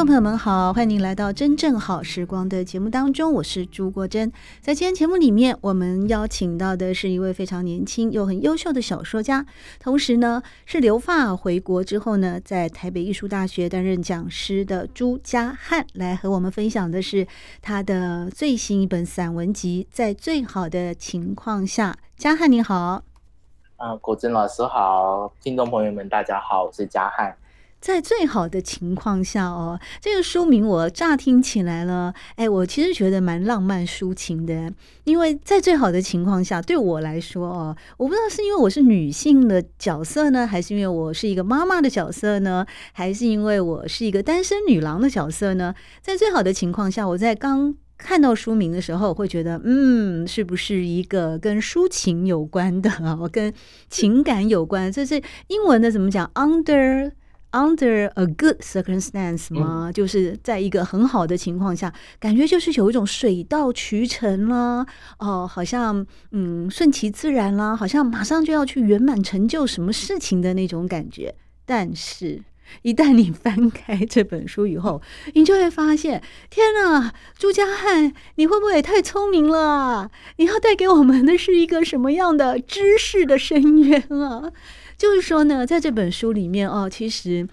聽眾朋友們好，歡迎您來到真正好時光的節目當中，我是朱國珍。在今天節目裡面，我們邀請到的是一位非常年輕又很優秀的小說家，同時呢是留法回國之後呢，在台北藝術大學擔任講師的朱嘉漢，來和我們分享的是他的最新一本散文集《在最好的情況下》。嘉漢你好，啊，國珍老師好，聽眾朋友們大家好，我是嘉漢。在最好的情況下哦，這個書名我乍聽起來了，哎，我其實覺得蠻浪漫抒情的，因為在最好的情況下，對我來說哦，我不知道是因為我是女性的角色呢，還是因為我是一個媽媽的角色呢，還是因為我是一個單身女郎的角色呢？在最好的情況下，我在剛看到書名的時候，會覺得嗯，是不是一個跟抒情有關的、哦，我跟情感有關，這是英文的怎麼講？Under。Under a good circumstance、嗯、嗎？就是在一個很好的情況下，感覺就是有一種水到渠成啦、啊，哦，好像嗯順其自然啦、啊，好像馬上就要去圓滿成就什麼事情的那種感覺。但是，一旦你翻開這本書以後， 你就會發現，天吶，朱嘉漢，你會不會也太聰明了？你要帶給我們的是一個什麼樣的知識的深淵啊？就是說呢，在這本書裡面哦，其實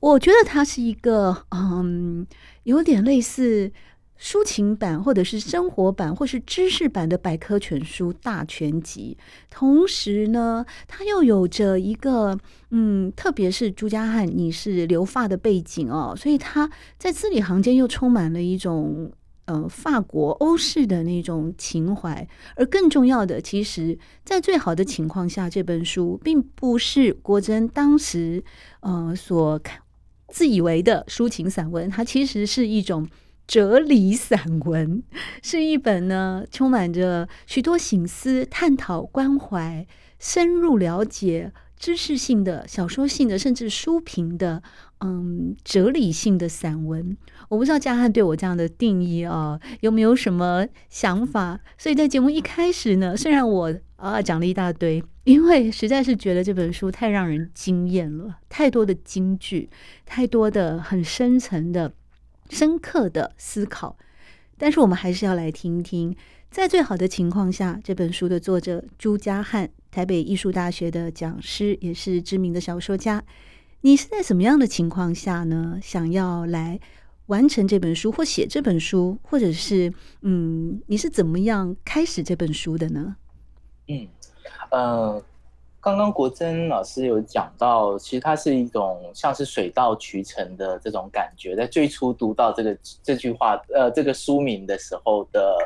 我覺得它是一個嗯，有點類似抒情版，或者是生活版，或者是知識版的百科全書大全集。同時呢，它又有着一個嗯，特別是朱嘉漢，你是留法的背景哦，所以他在字裡行間又充滿了一種。呃、嗯，法國歐式的那種情懷，而更重要的，其實在最好的情況下，這本書並不是郭真當時呃所看自以為的抒情散文，它其實是一種哲理散文，是一本呢充滿着許多省思、探討、關懷、深入了解、知識性的、小說性的，甚至書評的，嗯，哲理性的散文。我不知道嘉漢對我這樣的定義啊，有沒有什麼想法？所以在節目一開始呢，雖然我啊講了一大堆，因為實在是覺得這本書太讓人驚艷了，太多的金句，太多的很深層的、深刻的思考。但是我們還是要來聽聽，在最好的情況下，這本書的作者朱嘉漢，台北藝術大學的講師，也是知名的小說家。你是在什麼樣的情況下呢？想要來？完成這本書，或寫這本書，或者是嗯，你是怎麼樣開始這本書的呢？嗯，呃，剛剛國珍老師有講到，其實它是一種像是水到渠成的這種感覺，在最初讀到這個這句話，呃，這個書名的時候的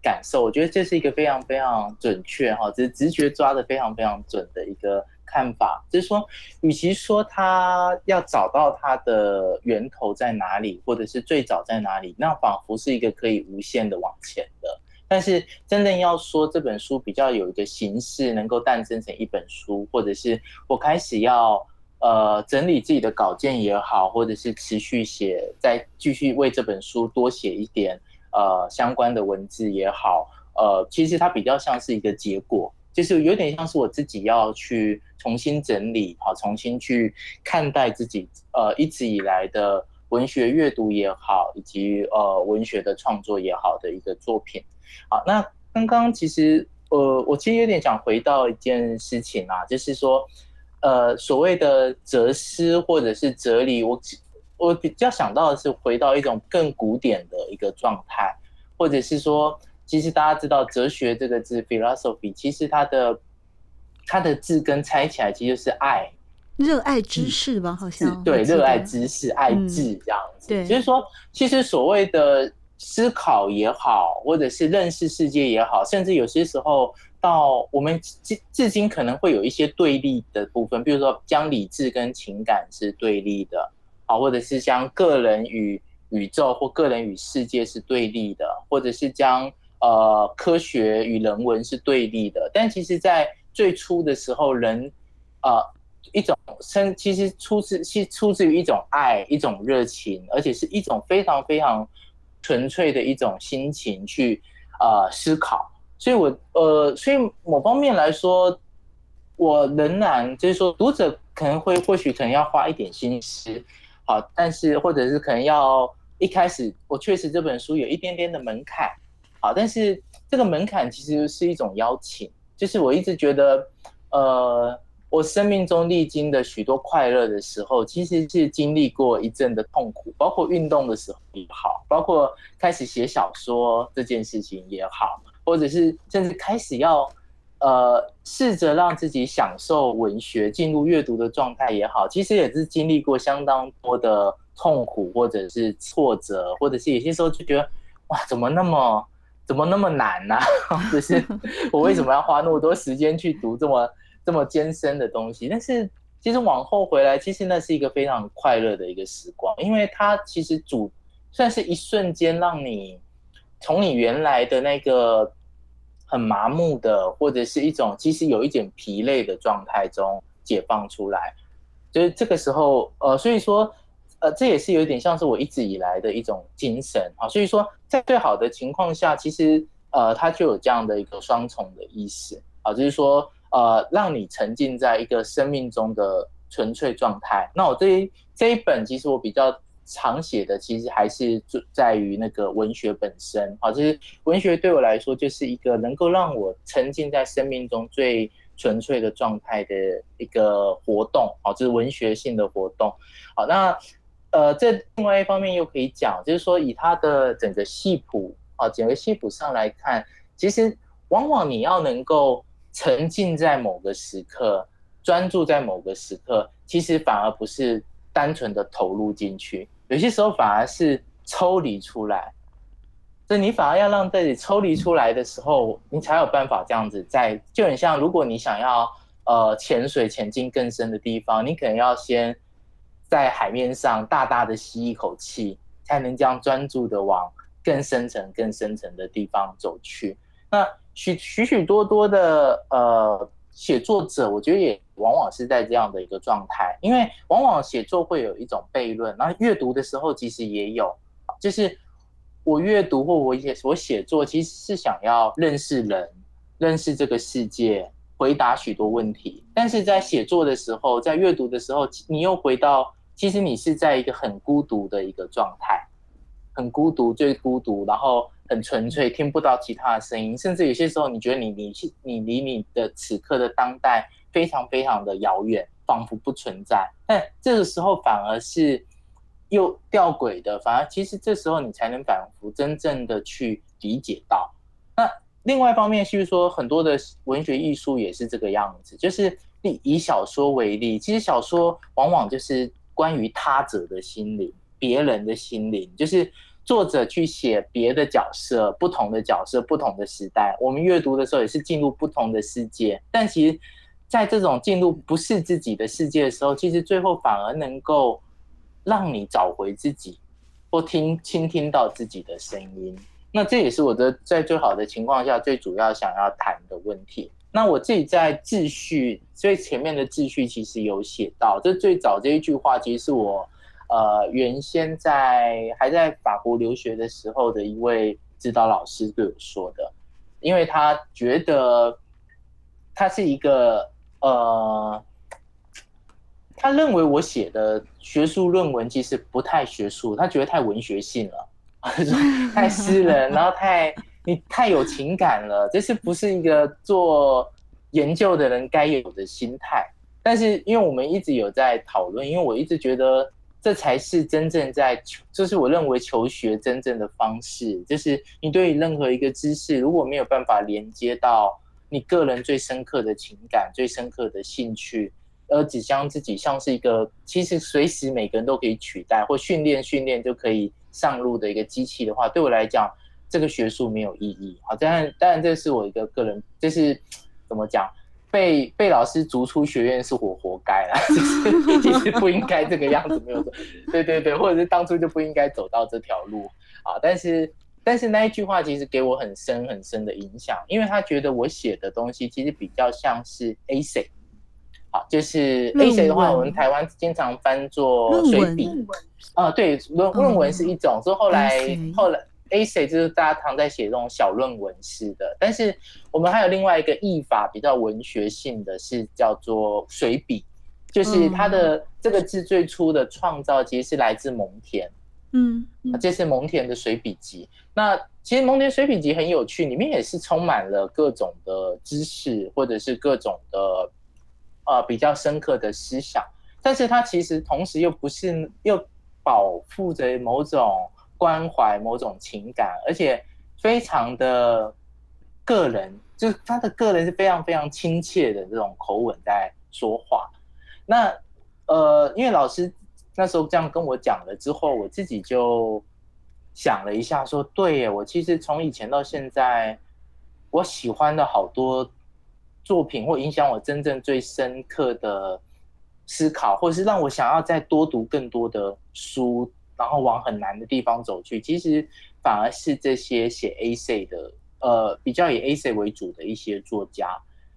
感受，我覺得這是一個非常非常準確哈，直直覺抓得非常非常準的一個。看法就是說，與其說他要找到他的源頭在哪裡，或者是最早在哪裡，那仿佛是一個可以無限的往前的。但是，真正要說這本書比較有一個形式能夠誕生成一本書，或者是我開始要呃整理自己的稿件也好，或者是持續寫，再繼續為這本書多寫一點呃相關的文字也好，呃，其實它比較像是一個結果。就是有點像是我自己要去重新整理，好、啊，重新去看待自己呃一直以來的文學閱讀也好，以及呃文學的創作也好的一個作品，好、啊，那剛剛其實呃，我其實有點想回到一件事情啊，就是說呃所謂的哲思或者是哲理，我我比較想到的是回到一種更古典的一個狀態，或者是說，其實大家知道，哲學這個字 （philosophy） 其實它的它的字根拆起來其實就是愛，熱愛知識吧，好像對，熱愛知識，愛智這樣子。嗯、對，所以說，其實所謂的思考也好，或者是認識世界也好，甚至有些時候到我們至至今可能會有一些對立的部分，比如說，將理智跟情感是對立的，啊、或者是將個人與宇宙或個人與世界是對立的，或者是將呃，科學與人文是對立的，但其實，在最初的時候，人，呃，一種生其實出自是出自於一種愛，一種熱情，而且是一種非常非常純粹的一種心情去呃思考。所以我，我呃，所以某方面來說，我仍然就是說，讀者可能會或許可能要花一點心思，好，但是或者是可能要一開始，我確實這本書有一點點的門檻。好，但是這個門檻其實是一種邀請，就是我一直覺得，呃，我生命中歷經的許多快樂的時候，其實是經歷過一陣的痛苦，包括運動的時候也好，包括開始寫小說這件事情也好，或者是甚至開始要，呃，試着讓自己享受文學、進入閱讀的狀態也好，其實也是經歷過相當多的痛苦，或者是挫折，或者是有些時候就覺得，哇，怎麼那麼。怎麼那麼難呢、啊？就是我為什麼要花那麼多時間去讀這麼 這麼艱深的東西？但是其實往後回來，其實那是一個非常快樂的一個時光，因為它其實主算是一瞬間讓你從你原來的那個很麻木的或者是一種其實有一點疲累的狀態中解放出來，就是這個時候，呃，所以說。呃，這也是有一點像是我一直以來的一種精神啊，所以說在最好的情況下，其實呃，它就有這樣的一個雙重的意思啊，就是說呃，讓你沉浸在一個生命中的純粹狀態。那我這一這一本其實我比較常寫的，其實還是在在於那個文學本身啊，就是文學對我來說就是一個能夠讓我沉浸在生命中最純粹的狀態的一個活動啊，就是文學性的活動。好，啊，那。呃，在另外一方面又可以講，就是說以他的整個系譜啊，整個系譜上來看，其實往往你要能夠沉浸在某個時刻，專注在某個時刻，其實反而不是單純的投入進去，有些時候反而是抽離出來，所以你反而要讓自己抽離出來的時候，你才有辦法這樣子在。就很像，如果你想要呃潛水潛進更深的地方，你可能要先。在海面上大大的吸一口氣，才能這樣專注的往更深層、更深層的地方走去。那許許許多多的呃寫作者，我覺得也往往是在這樣的一個狀態，因為往往寫作會有一種悖論，然後閱讀的時候其實也有，就是我閱讀或我也我寫作其實是想要認識人、認識這個世界、回答許多問題，但是在寫作的時候，在閱讀的時候，你又回到。其實你是在一個很孤獨的一個狀態，很孤獨，最孤獨，然後很純粹，聽不到其他的聲音，甚至有些時候你覺得你你是你離你,你的此刻的當代非常非常的遙遠，仿佛不存在。但這個時候反而是又弔詭的，反而其實這時候你才能反覆真正的去理解到。那另外一方面就是說，很多的文學藝術也是這個樣子，就是以以小說為例，其實小說往往就是。關於他者的心靈，別人的心靈，就是作者去寫別的角色、不同的角色、不同的時代。我們閱讀的時候也是進入不同的世界，但其實，在這種進入不是自己的世界的時候，其實最後反而能夠讓你找回自己，或聽傾聽到自己的聲音。那這也是我的在最好的情況下最主要想要談的問題。那我自己在自序最前面的自序其實有寫到，這最早這一句話其實是我，呃，原先在還在法國留學的時候的一位指導老師對我說的，因為他覺得他是一個呃，他認為我寫的學術論文其實不太學術，他覺得太文學性了，哈哈太私人，然後太。你太有情感了，這是不是一個做研究的人該有的心態？但是，因為我們一直有在討論，因為我一直覺得這才是真正在求，就是我認為求學真正的方式，就是你對於任何一個知識，如果沒有辦法連接到你個人最深刻的情感、最深刻的興趣，而只將自己像是一個其實隨時每個人都可以取代或訓練、訓練就可以上路的一個機器的話，對我來講。這個學術沒有意義。好，當然，當然，這是我一個個人，就是怎麼講，被被老師逐出學院是我活該了，啊，就是， 其實不應該這個樣子，沒有，對對對，或者是當初就不應該走到這條路啊。但是但是那一句話其實給我很深很深的影響，因為他覺得我寫的東西其實比較像是 essai，好，就是 essai 的話，我們台灣經常翻做隨筆。啊，對，論論文是一種，所以後來後來。嗯後來 essay 就是大家常在寫這種小論文式的。但是我們還有另外一個譯法比較文學性的是叫做“隨筆”，就是它的、嗯、這個字最初的創造其實是來自蒙田、嗯。嗯，這是蒙田的《隨筆集》。那其實蒙田《隨筆集》很有趣，裡面也是充滿了各種的知識，或者是各種的呃比較深刻的思想。但是它其實同時又不是又保負着某種。關懷某種情感，而且非常的個人，就是他的個人是非常非常親切的這種口吻在說話。那呃，因為老師那時候這樣跟我講了之後，我自己就想了一下說，說對耶，我其實從以前到現在，我喜歡的好多作品，或影響我真正最深刻的思考，或是讓我想要再多讀更多的書。然後往很難的地方走去，其實反而是這些寫 essay 的，呃，比較以 essay 為主的一些作家，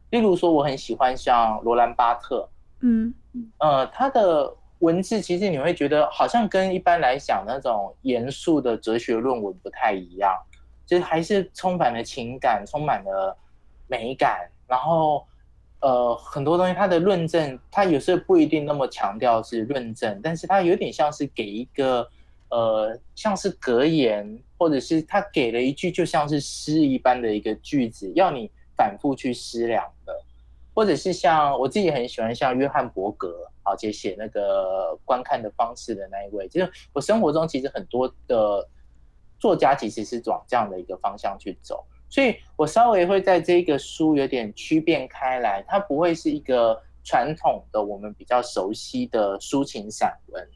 例如說，我很喜歡像羅蘭巴特，嗯，呃，他的文字其實你會覺得好像跟一般來講那種嚴肅的哲學論文不太一樣，就還是充滿了情感，充滿了美感，然後呃，很多東西他的論證，他有時候不一定那麼強調是論證，但是他有點像是給一個。呃，像是格言，或者是他給了一句就像是詩一般的一個句子，要你反復去思量的，或者是像我自己很喜歡像約翰伯格，而且寫那個觀看的方式的那一位，就是我生活中其實很多的作家其實是往這樣的一個方向去走，所以我稍微會在這個書有點區別開來，它不會是一個傳統的我們比較熟悉的抒情散文，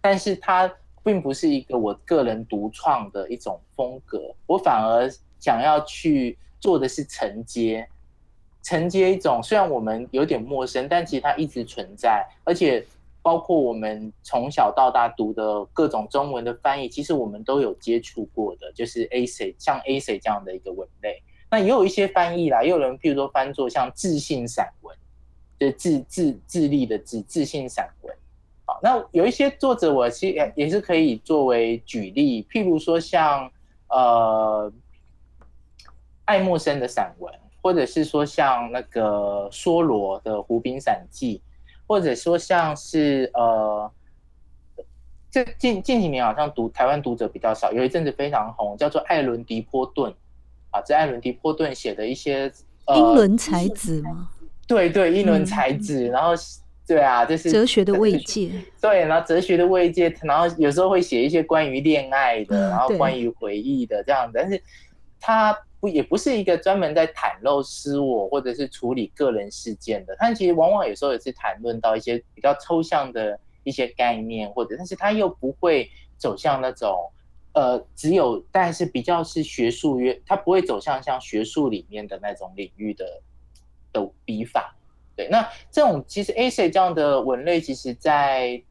但是它。並不是一個我個人獨創的一種風格，我反而想要去做的是承接，承接一種雖然我們有點陌生，但其實它一直存在，而且包括我們從小到大讀的各種中文的翻譯，其實我們都有接觸過的，就是 A C 像 A C 這樣的一個文類，那也有一些翻譯啦，也有人譬如說翻作像智性散文，就智、智、智力的智、智性散文。好，那有一些作者我，我其實也也是可以作為舉例，譬如說像呃愛默生的散文，或者是說像那個梭羅的《湖濱散記》，或者說像是呃，這近近幾年好像讀台灣讀者比較少，有一陣子非常紅，叫做艾倫·迪波頓，啊，這艾倫·迪波頓寫的一些、呃、英倫才子嗎？對對，對，英倫才子，嗯、然後。對啊，就是哲學的慰藉 對，然後哲學的慰藉，然後有時候會寫一些關於戀愛的，然後關於回憶的這樣子、嗯。但是，他不也不是一個專門在袒露私我或者是處理個人事件的。他其實往往有時候也是談論到一些比較抽象的一些概念，或者，但是他又不會走向那種，呃，只有，但是比較是學術約，他不會走向像學術裡面的那種領域的的筆法。對，那這種其實 A C 這樣的文類，其實在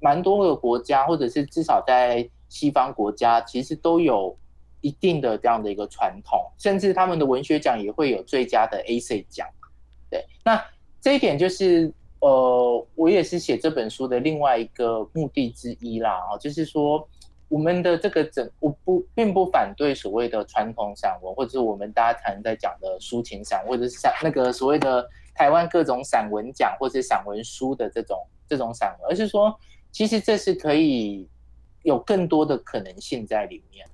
蠻多個國家，或者是至少在西方國家，其實都有一定的這樣的一個傳統，甚至他們的文學獎也會有最佳的 A C 獎。對，那這一點就是呃，我也是寫這本書的另外一個目的之一啦。哦，就是說我們的這個整，我不，並不反對所謂的傳統散文，或者是我們大家常在講的抒情散文，或者是那個所謂的。台灣各種散文獎或者散文書的這種這種散文，而是說，其實這是可以有更多的可能性在裡面。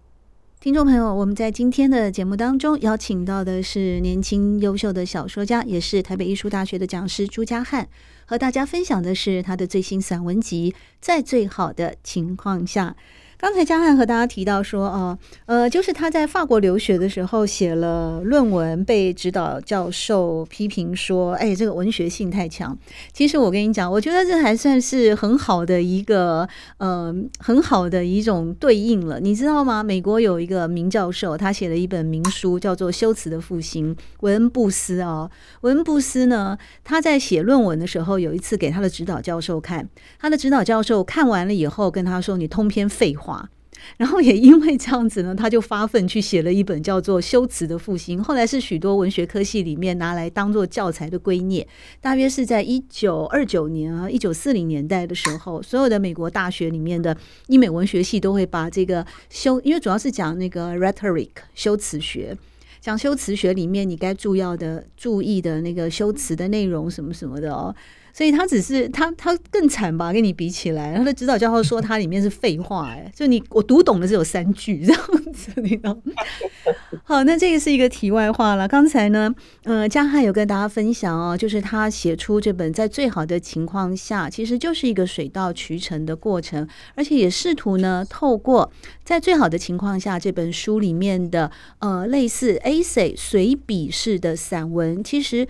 聽眾朋友，我們在今天的節目當中邀請到的是年輕優秀的小說家，也是台北藝術大學的講師朱嘉漢，和大家分享的是他的最新散文集《在最好的情況下》。剛才嘉漢和大家提到說啊，呃，就是他在法國留學的時候寫了論文，被指導教授批評說：“哎，這個文學性太強。”其實我跟你講，我覺得這還算是很好的一個，嗯、呃，很好的一種對應了。你知道嗎？美國有一個名教授，他寫了一本名書，叫做《修辭的復興》。韋恩布斯啊、哦，韋恩布斯呢，他在寫論文的時候，有一次給他的指導教授看，他的指導教授看完了以後跟他說：“你通篇廢話。”話，然後也因為這樣子呢，他就發奮去寫了一本叫做《修辭的復興》，後來是許多文學科系裡面拿來當做教材的圭臬。大約是在一九二九年啊，一九四零年代的時候，所有的美國大學裡面的英美文學系都會把這個修，因為主要是講那個 rhetoric 修辭學，講修辭學裡面你該注意的注意的那個修辭的內容什麼什麼的哦。所以他只是他他更慘吧，跟你比起來，他的指導教授說他裡面是廢話誒，所以你我讀懂的只有三句這樣子，你知道，那這個是一個題外話了。剛才呢，呃，嘉漢有跟大家分享哦，就是他寫出這本在最好的情況下，其實就是一個水到渠成的過程，而且也試圖呢透過在最好的情況下這本書裡面的呃類似 essay 隨筆式的散文，其實。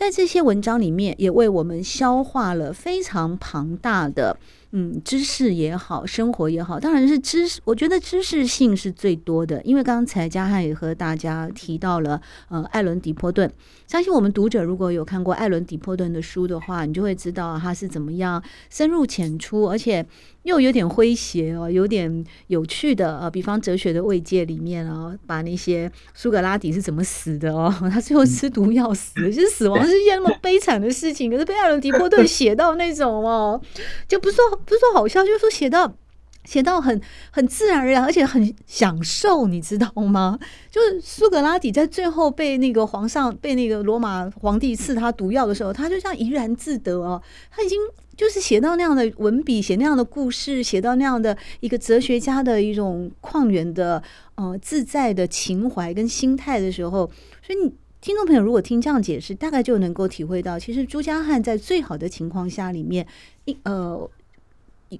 在這些文章裡面，也為我們消化了非常龐大的，嗯，知識也好，生活也好，當然是知識。我覺得知識性是最多的，因為剛才嘉漢也和大家提到了呃，艾倫·狄波頓。相信我們讀者如果有看過艾倫·狄波頓的書的話，你就會知道他是怎麼樣深入淺出，而且。又有點詼諧哦，有點有趣的啊，比方哲學的慰藉裡面啊，把那些蘇格拉底是怎麼死的哦，他最後吃毒藥死，就是死亡是一件那麼悲慘的事情，可是被艾倫·狄波頓寫到那種哦，就不是說不是說好笑，就是說寫到寫到很很自然而然，而且很享受，你知道嗎？就是蘇格拉底在最後被那個皇上被那個羅馬皇帝賜他毒藥的時候，他就像怡然自得哦，他已經。就是寫到那樣的文筆，寫那樣的故事，寫到那樣的一個哲學家的一種曠遠的呃自在的情懷跟心態的時候，所以你聽眾朋友如果聽這樣解釋，大概就能夠體會到，其實朱嘉漢在最好的情況下裡面，一呃，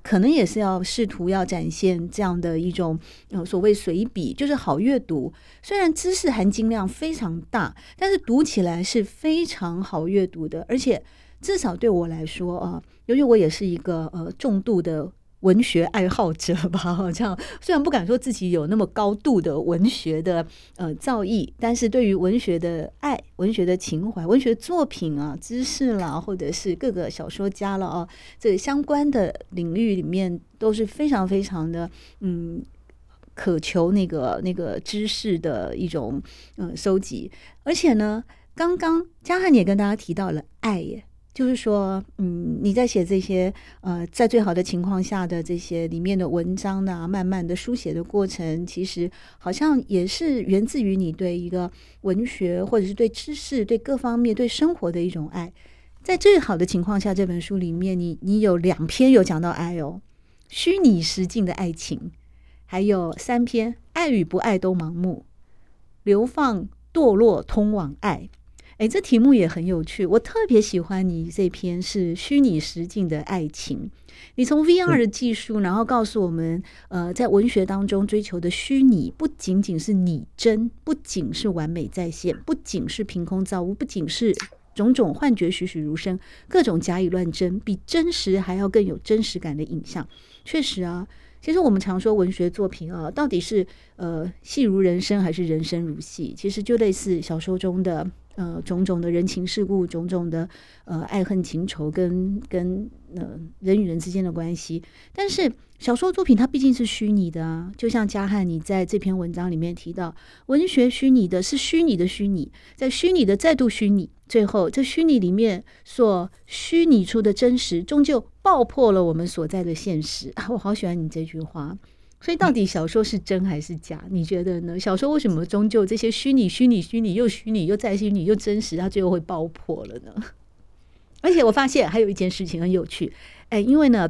可能也是要試圖要展現這樣的一種呃所謂隨筆，就是好閱讀，雖然知識含金量非常大，但是讀起來是非常好閱讀的，而且。至少對我來說啊，尤其我也是一個呃重度的文學愛好者吧。好像，雖然不敢說自己有那麼高度的文學的呃造詣，但是對於文學的愛、文學的情懷、文學作品啊、知識啦，或者是各個小說家了啊，這個、相關的領域裡面都是非常非常的嗯渴求那個那個知識的一種嗯收、呃、集。而且呢，剛剛嘉漢也跟大家提到了愛耶。就是說，嗯，你在寫這些，呃，在最好的情況下的這些裡面的文章呢，慢慢的書寫的過程，其實好像也是源自於你對一個文學，或者是對知識、對各方面、對生活的一種愛。在最好的情況下，這本書裡面你，你你有兩篇有講到愛哦，虛擬實境的愛情，還有三篇愛與不愛都盲目，流放墮落通往愛。誒，這題目也很有趣。我特別喜歡你這篇是虛擬實境的愛情。你從 VR 的技術，然後告訴我們，呃，在文學當中追求的虛擬，不僅僅是擬真，不僅是完美再現，不僅是憑空造物，不僅是種種幻覺栩栩如生，各種假以亂真，比真實還要更有真實感的影像。確實啊，其實我們常說文學作品啊，到底是，呃，戲如人生，還是人生如戲？其實就類似小說中的。呃，種種的人情世故，種種的呃愛恨情仇，跟跟呃人與人之間的關係。但是小說作品它畢竟是虛擬的啊，就像嘉漢你在這篇文章裡面提到，文學虛擬的是虛擬的虛擬，在虛擬的再度虛擬，最後這虛擬裡面所虛擬出的真實，終究爆破了我們所在的現實啊！我好喜歡你這句話。所以，到底小說是真還是假？你覺得呢？小說為什麼終究這些虛擬、虛擬、虛擬又虛擬又再虛擬又真實，它最後會爆破了呢？而且我發現還有一件事情很有趣，誒、哎，因為呢，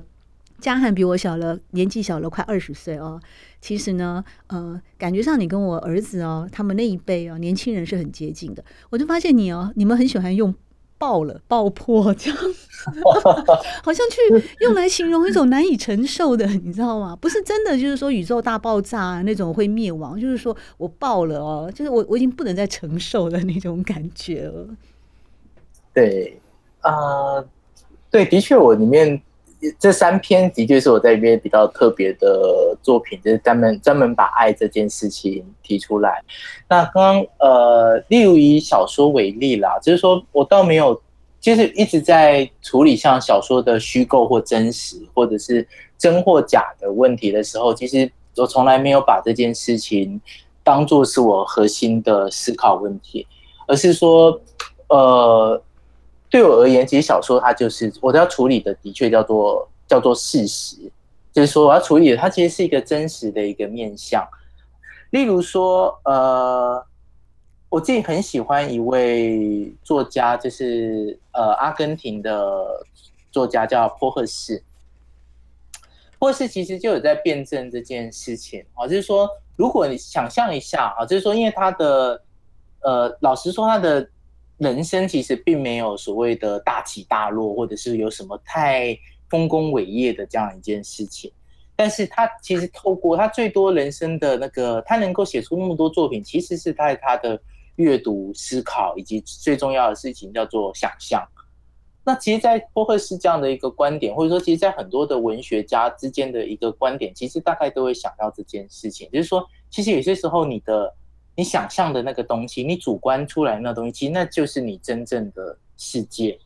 嘉漢比我小了，年紀小了快二十歲哦。其實呢，呃，感覺上你跟我兒子哦，他們那一輩哦，年輕人是很接近的。我就發現你哦，你們很喜歡用爆了、爆破這樣。 好像去用來形容一種難以承受的， 你知道嗎？不是真的，就是說宇宙大爆炸、啊、那種會滅亡，就是說我爆了哦，就是我我已經不能再承受的那種感覺了。對，啊、呃，對，的確，我裡面這三篇的確是我在裡面比較特別的作品，就是專門專門把愛這件事情提出來。那剛剛呃，例如以小說為例啦，就是說我倒沒有。就是一直在處理像小說的虛構或真實，或者是真或假的問題的時候，其實我從來沒有把這件事情當做是我核心的思考問題，而是說，呃，對我而言，其實小說它就是我要處理的，的確叫做叫做事實，就是說我要處理的，它其實是一個真實的一個面向，例如說，呃。我自己很喜歡一位作家，就是呃，阿根廷的作家叫波赫士。波赫士其實就有在辯證這件事情哦，啊，就是說，如果你想象一下啊，就是說，因為他的呃，老實說，他的人生其實並沒有所謂的大起大落，或者是有什麼太豐功偉業的這樣一件事情。但是他其實透過他最多人生的那個，他能夠寫出那麼多作品，其實是在他的。閱讀、思考，以及最重要的事情叫做想象。那其實，在波赫士這樣的一個觀點，或者說，其實，在很多的文學家之間的一個觀點，其實大概都會想到這件事情，就是說，其實有些時候，你的你想象的那個東西，你主觀出來那東西，其實那就是你真正的世界。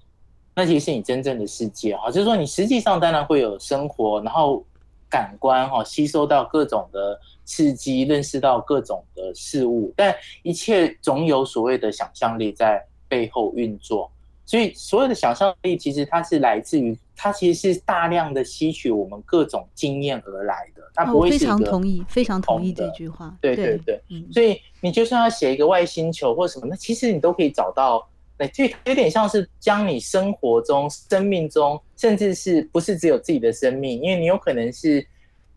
那其實是你真正的世界，哈，就是說，你實際上當然會有生活，然後。感官哈、哦，吸收到各種的刺激，認識到各種的事物，但一切總有所謂的想象力在背後運作。所以，所有的想象力其實它是來自於，它其實是大量的吸取我們各種經驗而來的。那、哦、我非常同意，非常同意這句話。對對對、嗯，所以你就算要寫一個外星球或什麼，那其實你都可以找到。就有點像是將你生活中、生命中，甚至是不是只有自己的生命？因為你有可能是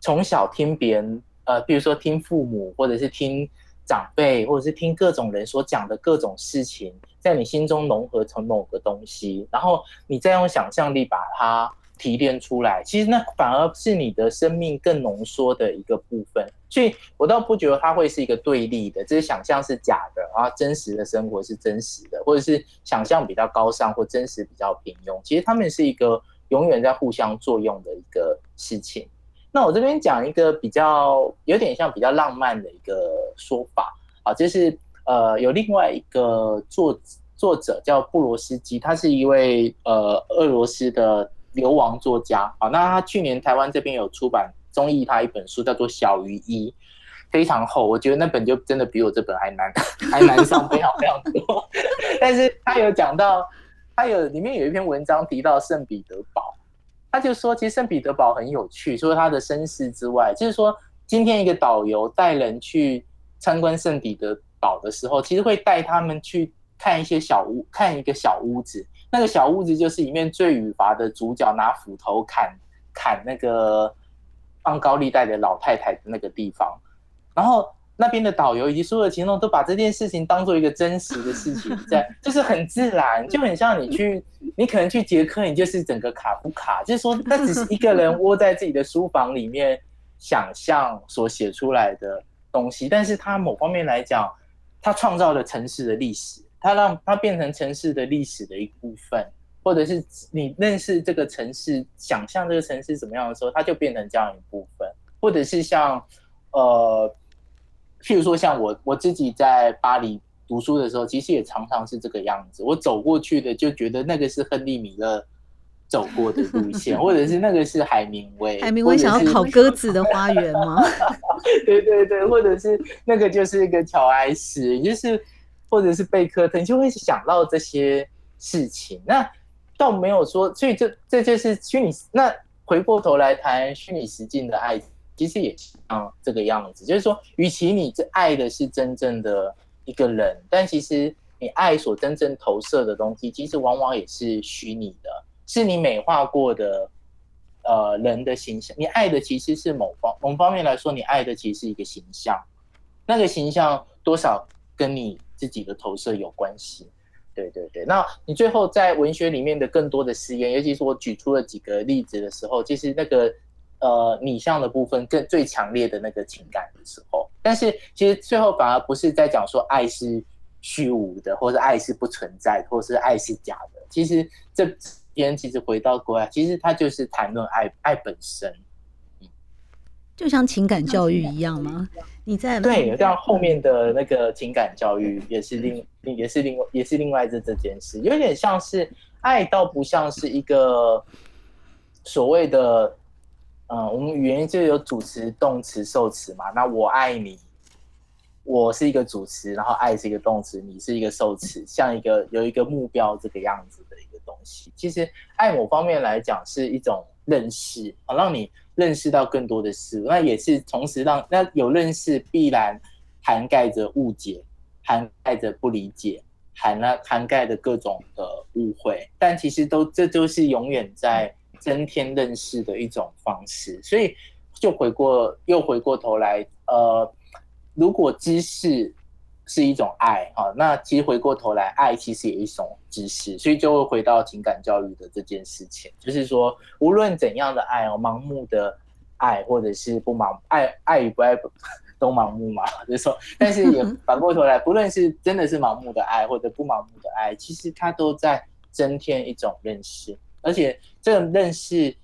從小聽別人，呃，比如說聽父母，或者是聽長輩，或者是聽各種人所講的各種事情，在你心中融合成某個東西，然後你再用想象力把它提煉出來。其實那反而是你的生命更濃縮的一個部分。所以我倒不覺得它會是一個對立的，只是想象是假的。啊，真實的生活是真實的，或者是想象比較高尚，或真實比較平庸。其實他們是一個永遠在互相作用的一個事情。那我這邊講一個比較有點像比較浪漫的一個說法啊，就是呃，有另外一個作作者叫布羅斯基，他是一位呃俄羅斯的流亡作家啊。那他去年台灣這邊有出版中譯他一本書，叫做《小於一》。非常厚，我覺得那本就真的比我這本還難，還難上非常非常多。 但是他有講到，他有裡面有一篇文章提到聖彼得堡，他就說其實聖彼得堡很有趣，除了他的身世之外，就是說今天一個導遊帶人去參觀聖彼得堡的時候，其實會帶他們去看一些小屋，看一個小屋子，那個小屋子就是裡面《罪與罰》的主角拿斧頭砍砍那個放高利貸的老太太的那個地方。然後那邊的導遊以及所有的情況都把這件事情當做一個真實的事情，在就是很自然，就很像你去，你可能去捷克，你就是整個卡夫卡，就是說，他只是一個人窩在自己的書房裡面想象所寫出來的東西。但是他某方面來講，他創造了城市的歷史，他讓它變成城市的歷史的一部分，或者是你認識這個城市，想象這個城市怎麼樣的時候，它就變成這樣一部分，或者是像，呃。譬如說，像我我自己在巴黎讀書的時候，其實也常常是這個樣子。我走過去的就覺得那個是亨利米勒走過的路線， 或者是那個是海明威。 海明威想要烤鴿子的花園嗎？ 對對對，或者是那個就是一個喬埃斯，就是或者是貝克特，就會想到這些事情。那倒沒有說，所以這這就是虛擬。那回過頭來談虛擬實境的愛。其實也是啊、嗯，這個樣子，就是說，與其你這愛的是真正的一個人，但其實你愛所真正投射的東西，其實往往也是虛擬的，是你美化過的，呃人的形象。你愛的其實是某方某方面來說，你愛的其實是一個形象，那個形象多少跟你自己的投射有關係。對對對，那你最後在文學裡面的更多的實驗，尤其是我舉出了幾個例子的時候，其實那個。呃，你像的部分更最強烈的那個情感的時候，但是其實最後反而不是在講說愛是虛無的，或是愛是不存在，或是愛是假的。其實這邊其實回到過來，其實它就是談論愛愛本身，就像情感教育一樣嗎？樣你在嗎？對像後面的那個情感教育也是另也是另外也是另外這這件事，有點像是愛，倒不像是一個所謂的。嗯，我們語言就有主詞、動詞、受詞嘛？那我愛你，我是一個主詞，然後愛是一個動詞，你是一個受詞，像一個有一個目標這個樣子的一個東西。其實愛某方面來講是一種認識，啊，讓你認識到更多的事物。那也是同時讓那有認識必然涵蓋着誤解，涵蓋着不理解，含了涵蓋着各種的誤會。但其實都，這就是永遠在、嗯。增添認識的一種方式，所以就回過又回過頭來，呃，如果知識是一種愛哈、哦，那其實回過頭來，愛其實也是一種知識，所以就會回到情感教育的這件事情，就是說，無論怎樣的愛哦，盲目的愛或者是不盲，愛愛與不愛都盲目嘛，就說，但是也反過頭來，不論是真的是盲目的愛或者不盲目的愛，其實它都在增添一種認識。而且這個認識，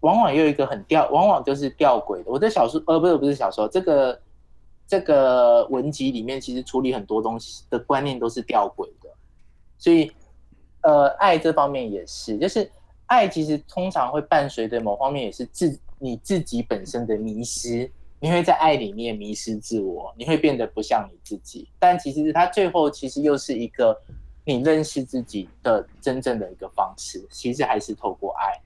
往往有一個很吊，往往就是吊詭的。我的小說，呃，不是不是小說，這個這個文集裡面，其實處理很多東西的觀念都是吊詭的。所以，呃，愛這方面也是，就是愛其實通常會伴隨着某方面也是自你自己本身的迷失，你會在愛裡面迷失自我，你會變得不像你自己。但其實它最後其實又是一個。你認識自己的真正的一個方式，其實還是透過愛。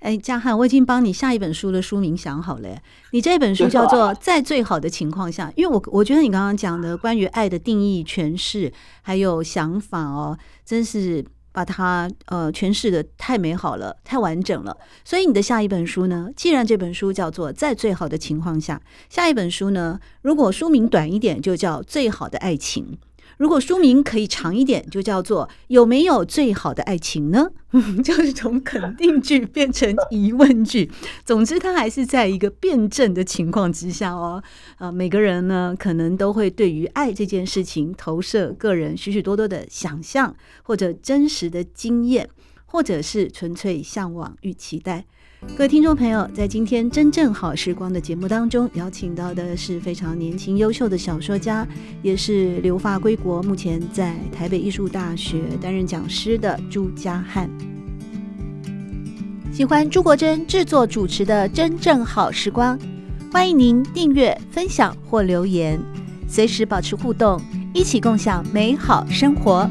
哎，嘉漢，我已經幫你下一本書的書名想好了欸。你這本書叫做《在最好的情況下》，因為我我覺得你剛剛講的關於愛的定義、詮釋還有想法哦，真是把它呃詮釋得太美好了，太完整了。所以你的下一本書呢，既然這本書叫做《在最好的情況下》，下一本書呢，如果書名短一點，就叫《最好的愛情》。如果書名可以長一點，就叫做“有沒有最好的愛情呢？” 就是從肯定句變成疑問句。總之，它還是在一個辯證的情況之下哦。呃，每個人呢，可能都會對於愛這件事情投射個人許許多多的想象，或者真實的經驗，或者是純粹嚮往與期待。各位聽眾朋友，在今天《真正好時光》的節目當中，邀請到的是非常年輕優秀的小說家，也是留法歸國、目前在台北藝術大學擔任講師的朱嘉漢。喜歡朱國珍製作主持的《真正好時光》，歡迎您訂閱、分享或留言，隨時保持互動，一起共享美好生活。